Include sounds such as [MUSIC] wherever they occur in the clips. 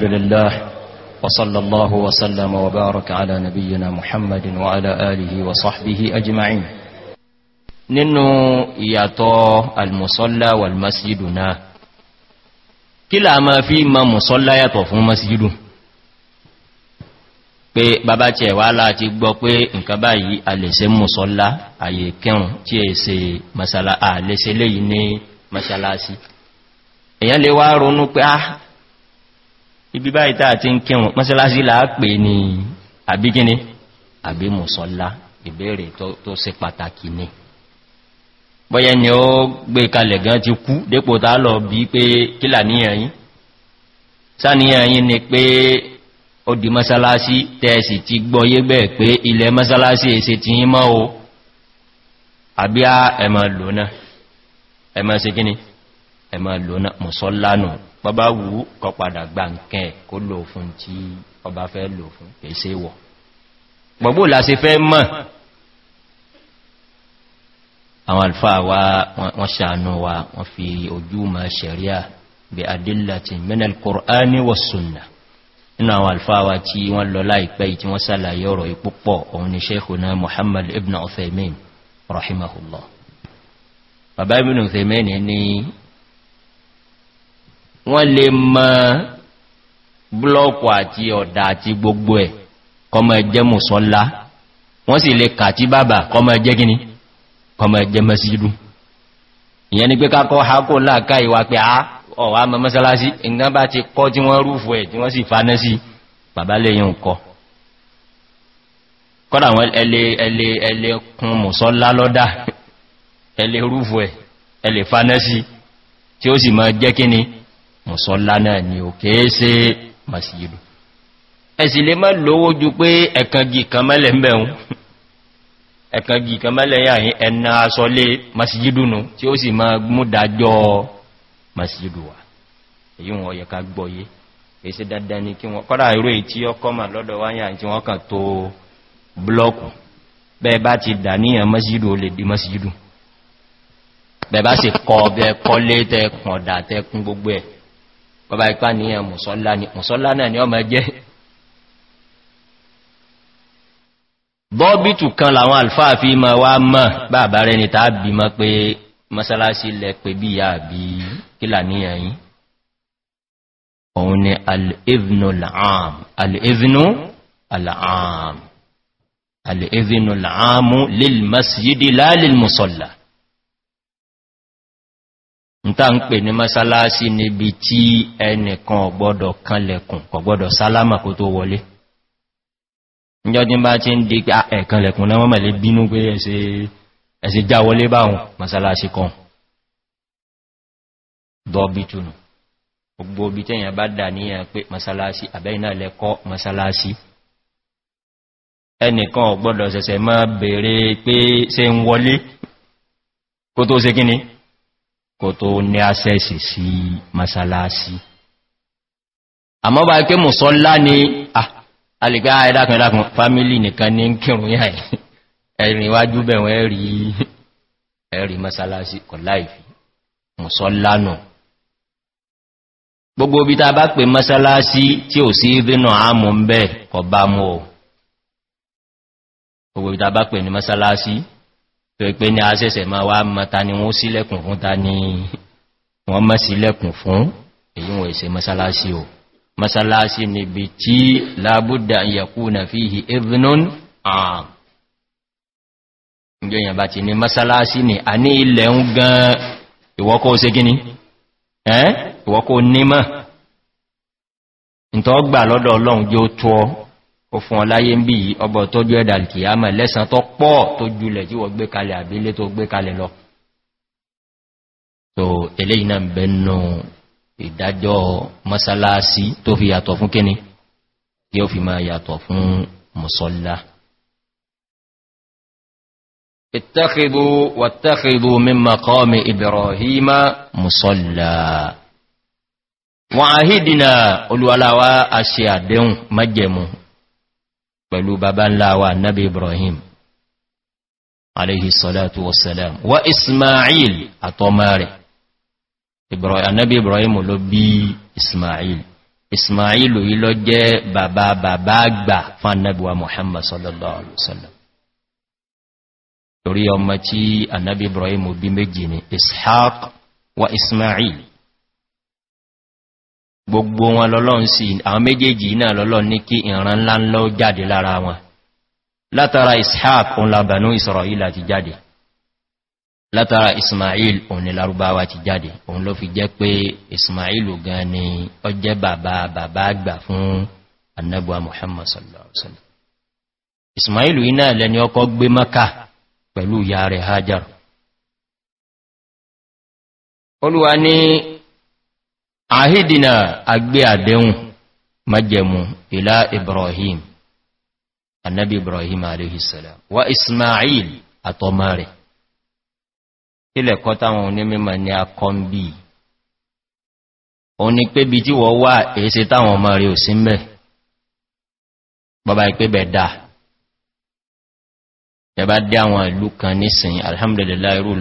لله وصلى الله وسلم وبارك على نبينا محمد وعلى آله وصحبه أجمعين ننو ياتو المصلى والمسجدنا كلا ما في ما مصلى ياتو فún مسجد pé bàbá tí ẹ̀wà láti gbọ́ pé nǹkan báyìí a lè ṣe mùsọ́lá àyè kẹrùn tí è ṣe masala àlẹ́ṣẹ́lẹ́yìn ní masalasi èyàn lè wá ronú pé ah ibi báyìí tàà ti ń kírùn mọ́sílásí làápè ní àbígíní àbí mùsọ́lá ìbéèrè tó ṣe pàtàkì ní bọ́yẹ́ ni ó gbé kalẹ̀ gan ti kú dépò tá lọ bí pé kílà níyànyí sáníyànyí ni pé ó di mọ́sálásí tẹ́ẹ̀sì ti ẹ̀mọ̀ lónà ẹ̀mọ̀ sí ẹ máa lò náà mọ̀sọ́lánù bọ́bá wù kọ padà gba nkẹ́ ẹ̀ kó lò fún tí ọba fẹ́ lò fún pèsè wọ̀ gbogbo làṣẹ fẹ́ mọ̀ àwọn alfáà wa wọ́n ṣàánú wa wọ́n fi ojú ma ṣẹ̀ríà bí adílàtí mẹ́nà kòrání wọ sùnà inú àwọn alfáà wa tí wọ́n lọ láìpẹ́ tí wọ́n sàlàyé ọ̀rọ̀ ìpúpọ̀ òun ni ṣeikhuna muhammad ibn ọ̀fẹ́mìn rahimahullah bàbá ibn ọ̀fẹ́mìn ni wọ́n lè mọ blọ́ọ̀kù àti ọ̀dà àti gbogbo ẹ̀ kọmọ ẹjẹ́ mùsọ́lá wọ́n sì lè kà tí bàbà kọmọ ẹjẹ́ gíní kọmọ ẹjẹ́ mẹ́sílú ìyẹn ni pé kákọ́ hákò láàká ìwà pé a ọ̀wà mọ́ mọ́sálásí ìgbà bá ti kọ́ tí wọ́n rúfù ẹ̀ tí wọ́n sì faná sí bàbá lẹ́yìn kọ́ kọ́dà wọn ẹlẹ́ kún mùsọ́lá lọ́dá ẹlẹ́ rúfù ẹ̀ ẹlẹ́ faná sí tí ó sì mọ́ jẹ́ kíní mùsọ́lá náà ni ò kéése masìlù ẹ̀sì lè má lówó ju pé ẹ̀kangì kan mẹ́lẹ̀ ń bẹ̀rún ẹ̀kangì kan mẹ́lẹ̀ yàáyìn ẹ̀nà asọ́lé masìlù nù tí ó sì máa mú dájọ́ masìlù wà èyí wọn yẹ ká gbọ́yé èsì dandan ni kí wọn kọ́dà irú ètí ọkọ́ di masìlù bẹ̀bá sì kọ́ bẹ́ kọ́lé bàbá ipá ní ẹ̀ mùsọ́lá náà ni ọmọ jẹ́ bọ́bítù kan làwọn alfáà fi ma wá mọ̀ bàbá rẹ̀ ni tàà bí mọ́ pé mọ́sálásí lẹ pé bí yà bí kílà ní ẹ̀yìn òun ni al al'amu lil masjidi la musalla ta ń pè ní masalasi níbi tí ẹnìkan ọ̀gbọ́dọ̀ kanlẹ̀kùn ọ̀gbọ́dọ̀ sálámà kó tó wọlé ìjọdín bá ti ń di ah, ẹ̀kanlẹ̀kùn náà wọ́n mẹ́lẹ̀ bínú pé ẹ̀sẹ̀ já wọlé báhùn masalasi kan dọ́bí túnù gbogbo obi tẹ́yìn bá dà níyàn pé masalasi àbẹ́yìnà lẹ́kọ́ se ń wọlé kó tó se kíni kò tó ní àṣẹ́sì sí masalasi àmọ́ bá ké mùsọ́lá ní àlìká ah, ẹ̀dàkùn ẹ̀dàkùn fámílì nìkan ní kírùn yà [LAUGHS] ẹ̀rìn iwájú bẹ̀wọ̀n ẹ̀rì ẹ̀rì masalasi kọ̀ láìfì mùsọ́lá nù gbogbo bí ta bá pè masalasi tí ò sí dínà ámù ń bẹ́ kọ bá mú o gbogbo bí ta bá pè ní masalasi tó pé ní asẹ́sẹ̀ máa wá mọ́ta ni wọ́n sílẹ̀kùn fún ta ni wọ́n mọ́ sílẹ̀kùn fún èyí wọ́n èsẹ masalasi o masalasi ni bí tí lábúdà yẹ̀kú na fi hì evenon ààm ìjọyìn bá ti ní masalasi ni a ní ilẹ̀ ń gan ìwọ́kọ́ ṣe gíní ìwọ́kọ́ nímọ̀ ìtọ́gbà ó fún ọláyé ń bí yí ọbọ̀ tọ́jú ẹ̀dà alkiyama lẹ́sàn tó pọ̀ tó jùlẹ̀ tí wọ́n gbé kalẹ̀ àbílé tó gbé kalẹ̀ lọ tó eléyìí náà bẹnu masalasi tó fi yàtọ̀ fún kíni tí ó fi máa yàtọ̀ fún musalla ìtàkìdú wàtàkìdú mímọ̀ kọ́mi ìbẹ̀rọ̀híma musalla wọ́n àhídìnà olúwaláwá àṣẹ àdéhùn pẹ̀lú bàbá ńlá wa nabi ibrahim aléhì sọ́látù wasalam wa ismail àtọ́mà rẹ̀ nabi ibrahim ló bí ismail ismail yí lọ jẹ́ bàbá bàbá gbà fún annabiwa muhammad sallallahu alaihi wasallam torí ọmọ tí annabi gbogbo wọn lọ́lọ́n sí àwọn méjèèjì náà lọ́lọ́n ní kí ìran ńlá ńlọ jáde lára wọn látara ishaq òun labanú israel àti jáde látara ismail òun ni larubawa ti jáde òun ló fi jẹ́ pé ismail gan ni ọ jẹ́ bàbá bàbá àgbà fún annabuwa muhammad àhídìnà agbé àdéhùn májẹ̀mù ilá ibrahim annabi ibrahim aléhìsàlá wa ismail àtọmọ rẹ̀ ilẹ̀ kọtàwọn onímọ̀ ní akọ́mbì o ní pé bí tí wọ́n wà èése táwọn ọmọ rẹ̀ ò sí mẹ́ bẹ̀ kan nísìn alhamdulillah irú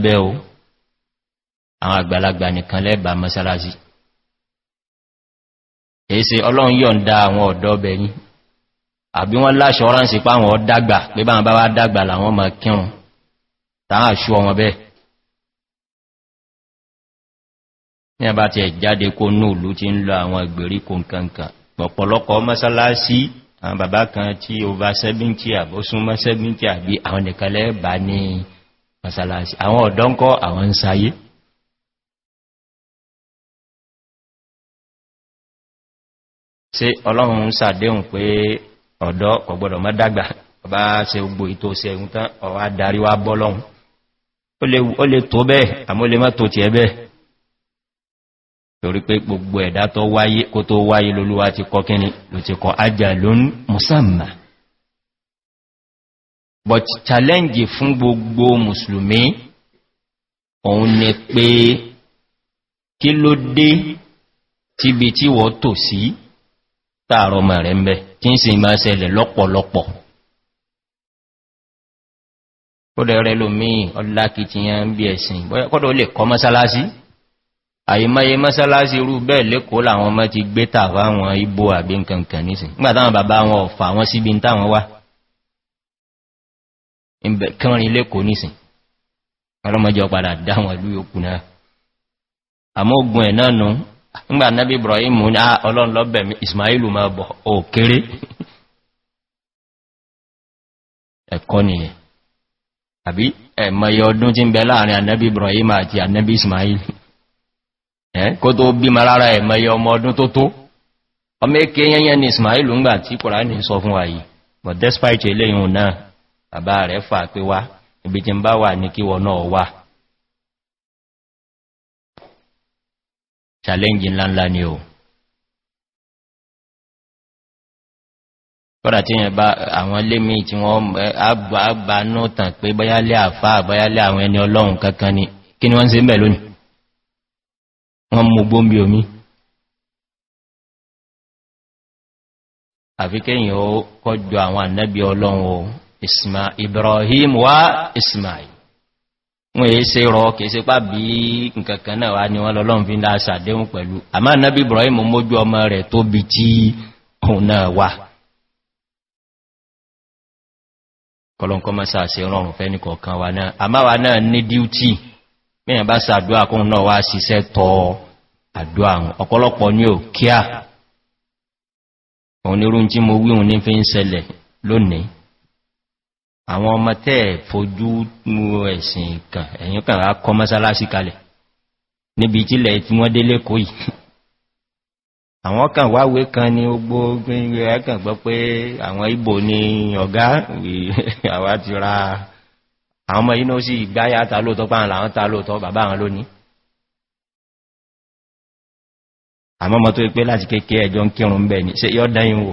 yìí àwọn àgbàlagbà nìkan lẹ́bà mọ́sálásí èsì ọlọ́run yọ̀nda àwọn ọ̀dọ́ bẹ̀yìn àbí wọ́n láṣọ ránṣì pa àwọn ọ̀dàgbà pé bá bá wá dàgbà làwọn ma kírùn tàà ṣú ọmọ bẹ́ẹ̀ ní àbá ti ẹ̀jáde kó núùlú ti ń lọ àwọn ìgbèríko nkankan pọ̀pọ̀lọpọ̀ mọ́sálásí àwọn bàbá kan tí over 70 àbọ́súnmọ́ 70 àbí àwọn nìkan lẹ́bà ní mọ́sálásí àwọn ọ̀dọ́ ń kọ́ àwọn ń sayé sí ọlọ́run sàdéhùn pé ọ̀dọ́ ọ̀gbọ̀dọ̀ mọ́ dàgbà ọba ṣe gbogbo ìtò ṣe ẹ̀hùn tán ọwá darí wá bọ́ lọ́hun ó lè tó bẹ́ẹ̀ àmúlé mọ́ tó ti ẹ bẹ́ẹ̀ torí pé gbogbo ẹ̀dá tó wáyé kó tó wáyé lolúwa ti kọ kíni ló ti kọ ajá lón but challenge fún gbogbo musulmi òun ni pé tíbi tí wọ́n tò sí táàrọ mọ̀ rẹ̀ ń bẹ tí ń sì máa ṣẹlẹ̀ lọ́pọ̀lọpọ̀ ó dẹ̀rẹ́ lómíì ọláki ti yán ń bí ẹ̀sìn kọ́dọ̀ lè kọ́ mọ́sálásí àìmọye mọ́sálásí rú bẹ́ẹ̀ lẹ́kọ́ làwọn ọmọ ti gbé tàfà àwọn ibo àbí nkankan nísìn nígbà táwọn bàbá wọn ọ̀fà wọn síbi táwọn wá kánrin lẹ́kọ́ nísìn ọlọ́mọjọ́ padà dáwọn ìlú ngba náà bí ibrahim ní ah, ọlọ́run lọ́bẹ̀ ismailu ma o kere kéré ẹ̀kọ́ nìyẹn àbí ẹ̀mọ̀yẹ ọdún tí ń bẹ láàrin ànábí ibrahim àti ànábí ismail ma ọmọ ọdún tó tó ọmọ èké yẹnyẹn ni ismail ńgbà tí kòrá but despite ibi challenge ńláńlá ni o kọ́dà tí yẹn bá àwọn lémi tí wọ́n àgbà náà tàn pé báyálé àfá àbáyálé àwọn ẹni ọlọ́run kankan ni kí ni wọ́n se mẹ́ lónìí wọ́n mú gbóǹbí omi àfikẹ́yìn ó kọjọ àwọn ànábí ọlọ́run o isma ibrahim wa ismail wọ́n èé se rọ kèèsé pà bí nkankan náà wá ní wọ́n lọ́lọ́n fi ń dá sàdéhùn pẹ̀lú àmá náàbí ibrahim mójú ọmọ rẹ̀ tó tí òun náà wà kọlọ̀nkọ́ mọ́sá rọrùn fẹ́ni kọ̀ọ̀kan wa náà àmá náà ní àwọn ọmọ tẹ́ fojú mú ẹ̀sìn kan ẹ̀yìn kan rá kọ mọ́sálásí kalẹ̀ níbi tílẹ̀ tí wọ́n délé kó yìí àwọn kan wáwé kan ní ogbó gbígbé ẹ̀kàn gbọ́ pé àwọn ibò ni ọ̀gá [LAUGHS] àwá ti ra àwọn ọmọ inú sí ìgbáyà ta lóòtọ́ pàà láwọn ta lóòtọ́ bàbá àwọn lónìí àmọ́mọ́ tó pé láti kéèkéé ẹjọ́ ń kírùn-ún bẹ̀ ní ṣe yọ́ dẹ́yìn wò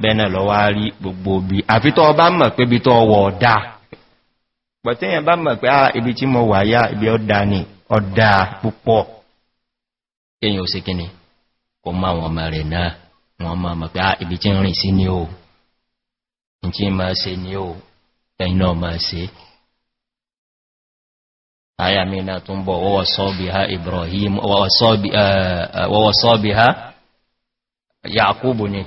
bẹ́ẹ̀nà lọ wá rí gbogbo bí àfitọ́ ọba mọ̀ pé bí tọ́ wọ̀ ọ̀dá pọ̀tíyàn bá mọ̀ pé ibi tí ah, wà yá ibi ọ̀dá ni ọ̀dá púpọ̀ èyàn ò ah, sí kíni kò má wọn mọ̀ rẹ̀ ni ó ma ha ibrahim